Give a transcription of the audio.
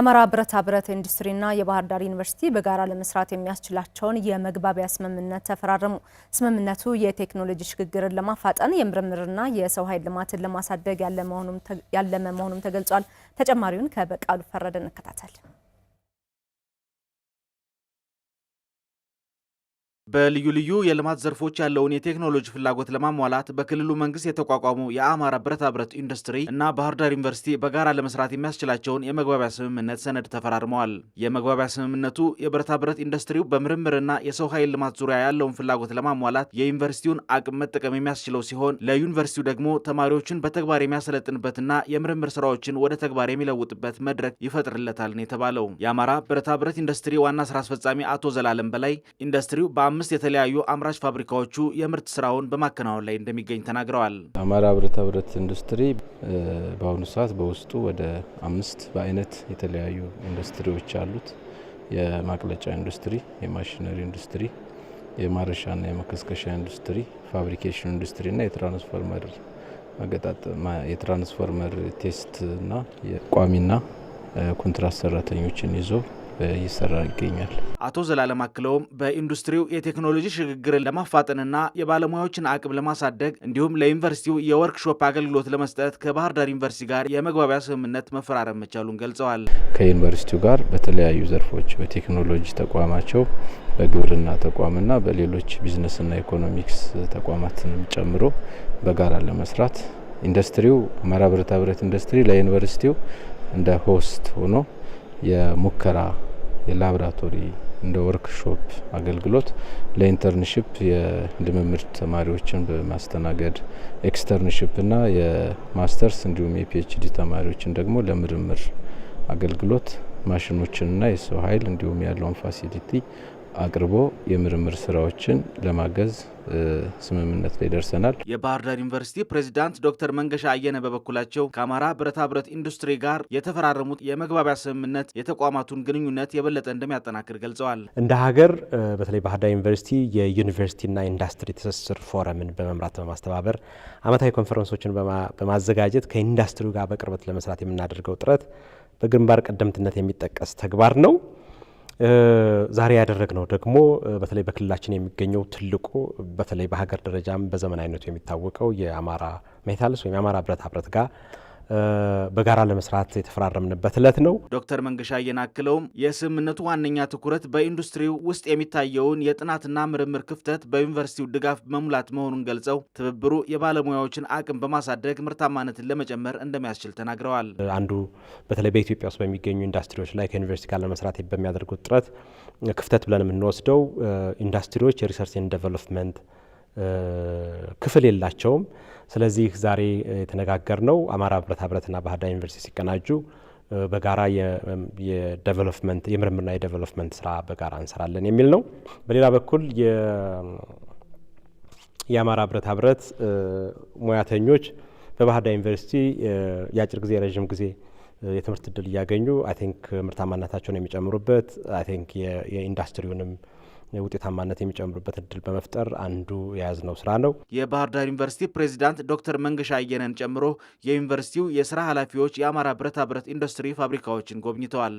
የአማራ ብረታ ብረት ኢንዱስትሪና የባህር ዳር ዩኒቨርሲቲ በጋራ ለመስራት የሚያስችላቸውን የመግባቢያ ስምምነት ተፈራረሙ። ስምምነቱ የቴክኖሎጂ ሽግግርን ለማፋጠን የምርምርና የሰው ኃይል ልማትን ለማሳደግ ያለመ መሆኑም ተገልጿል። ተጨማሪውን ከበቃሉ ፈረደ እንከታተል። በልዩ ልዩ የልማት ዘርፎች ያለውን የቴክኖሎጂ ፍላጎት ለማሟላት በክልሉ መንግስት የተቋቋሙ የአማራ ብረታ ብረት ኢንዱስትሪ እና ባህር ዳር ዩኒቨርሲቲ በጋራ ለመስራት የሚያስችላቸውን የመግባቢያ ስምምነት ሰነድ ተፈራርመዋል። የመግባቢያ ስምምነቱ የብረታ ብረት ኢንዱስትሪው በምርምርና የሰው ኃይል ልማት ዙሪያ ያለውን ፍላጎት ለማሟላት የዩኒቨርሲቲውን አቅም መጠቀም የሚያስችለው ሲሆን ለዩኒቨርሲቲው ደግሞ ተማሪዎችን በተግባር የሚያሰለጥንበትና የምርምር ስራዎችን ወደ ተግባር የሚለውጥበት መድረክ ይፈጥርለታል ነው የተባለው። የአማራ ብረታ ብረት ኢንዱስትሪ ዋና ስራ አስፈጻሚ አቶ ዘላለም በላይ ኢንዱስትሪው በአ አምስት የተለያዩ አምራች ፋብሪካዎቹ የምርት ስራውን በማከናወን ላይ እንደሚገኝ ተናግረዋል። አማራ ብረታ ብረት ኢንዱስትሪ በአሁኑ ሰዓት በውስጡ ወደ አምስት በአይነት የተለያዩ ኢንዱስትሪዎች አሉት። የማቅለጫ ኢንዱስትሪ፣ የማሽነሪ ኢንዱስትሪ፣ የማረሻና የመከስከሻ ኢንዱስትሪ፣ ፋብሪኬሽን ኢንዱስትሪና የትራንስፎርመር የትራንስፎርመር ቴስትና የቋሚና ኮንትራት ሰራተኞችን ይዞ እየሰራ ይገኛል። አቶ ዘላለም አክለውም በኢንዱስትሪው የቴክኖሎጂ ሽግግርን ለማፋጠንና የባለሙያዎችን አቅም ለማሳደግ እንዲሁም ለዩኒቨርሲቲው የወርክሾፕ አገልግሎት ለመስጠት ከባህር ዳር ዩኒቨርሲቲ ጋር የመግባቢያ ስምምነት መፈራረም መቻሉን ገልጸዋል። ከዩኒቨርሲቲው ጋር በተለያዩ ዘርፎች በቴክኖሎጂ ተቋማቸው በግብርና ተቋምና በሌሎች ቢዝነስና ኢኮኖሚክስ ተቋማትን ጨምሮ በጋራ ለመስራት ኢንዱስትሪው አማራ ብረታ ብረት ኢንዱስትሪ ለዩኒቨርሲቲው እንደ ሆስት ሆኖ የሙከራ የላብራቶሪ እንደ ወርክሾፕ አገልግሎት ለኢንተርንሽፕ የልምምድ ተማሪዎችን በማስተናገድ ኤክስተርንሽፕና የማስተርስ እንዲሁም የፒኤችዲ ተማሪዎችን ደግሞ ለምርምር አገልግሎት ማሽኖችንና የሰው ኃይል እንዲሁም ያለውን ፋሲሊቲ አቅርቦ የምርምር ስራዎችን ለማገዝ ስምምነት ላይ ደርሰናል። የባህር ዳር ዩኒቨርሲቲ ፕሬዚዳንት ዶክተር መንገሻ አየነ በበኩላቸው ከአማራ ብረታ ብረት ኢንዱስትሪ ጋር የተፈራረሙት የመግባቢያ ስምምነት የተቋማቱን ግንኙነት የበለጠ እንደሚያጠናክር ገልጸዋል። እንደ ሀገር በተለይ ባህር ዳር ዩኒቨርሲቲ የዩኒቨርሲቲና ኢንዱስትሪ ትስስር ፎረምን በመምራት በማስተባበር አመታዊ ኮንፈረንሶችን በማዘጋጀት ከኢንዱስትሪው ጋር በቅርበት ለመስራት የምናደርገው ጥረት በግንባር ቀደምትነት የሚጠቀስ ተግባር ነው። ዛሬ ያደረግነው ደግሞ በተለይ በክልላችን የሚገኘው ትልቁ በተለይ በሀገር ደረጃም በዘመናዊነቱ የሚታወቀው የአማራ ሜታልስ ወይም የአማራ ብረታ ብረት ጋር በጋራ ለመስራት የተፈራረምንበት እለት ነው። ዶክተር መንገሻ እየናክለውም የስምምነቱ ዋነኛ ትኩረት በኢንዱስትሪው ውስጥ የሚታየውን የጥናትና ምርምር ክፍተት በዩኒቨርሲቲው ድጋፍ መሙላት መሆኑን ገልጸው ትብብሩ የባለሙያዎችን አቅም በማሳደግ ምርታማነትን ለመጨመር እንደሚያስችል ተናግረዋል። አንዱ በተለይ በኢትዮጵያ ውስጥ በሚገኙ ኢንዱስትሪዎች ላይ ከዩኒቨርሲቲ ጋር ለመስራት በሚያደርጉት ጥረት ክፍተት ብለን የምንወስደው ኢንዱስትሪዎች የሪሰርችን ዴቨሎፕመንት ክፍል የላቸውም። ስለዚህ ዛሬ የተነጋገርነው አማራ ብረታ ብረትና ባህር ዳር ዩኒቨርሲቲ ሲቀናጁ በጋራ የዴቨሎፕመንት የምርምርና የዴቨሎፕመንት ስራ በጋራ እንሰራለን የሚል ነው። በሌላ በኩል የአማራ ብረታ ብረት ሙያተኞች በባህር ዳር ዩኒቨርሲቲ የአጭር ጊዜ የረዥም ጊዜ የትምህርት እድል እያገኙ አይ ቲንክ ምርታማነታቸውን የሚጨምሩበት አይ ቲንክ የኢንዱስትሪውንም ውጤታማነት የሚጨምሩበት እድል በመፍጠር አንዱ የያዝነው ስራ ነው። የባህር ዳር ዩኒቨርሲቲ ፕሬዚዳንት ዶክተር መንገሻ አየነን ጨምሮ የዩኒቨርሲቲው የስራ ኃላፊዎች የአማራ ብረታ ብረት ኢንዱስትሪ ፋብሪካዎችን ጎብኝተዋል።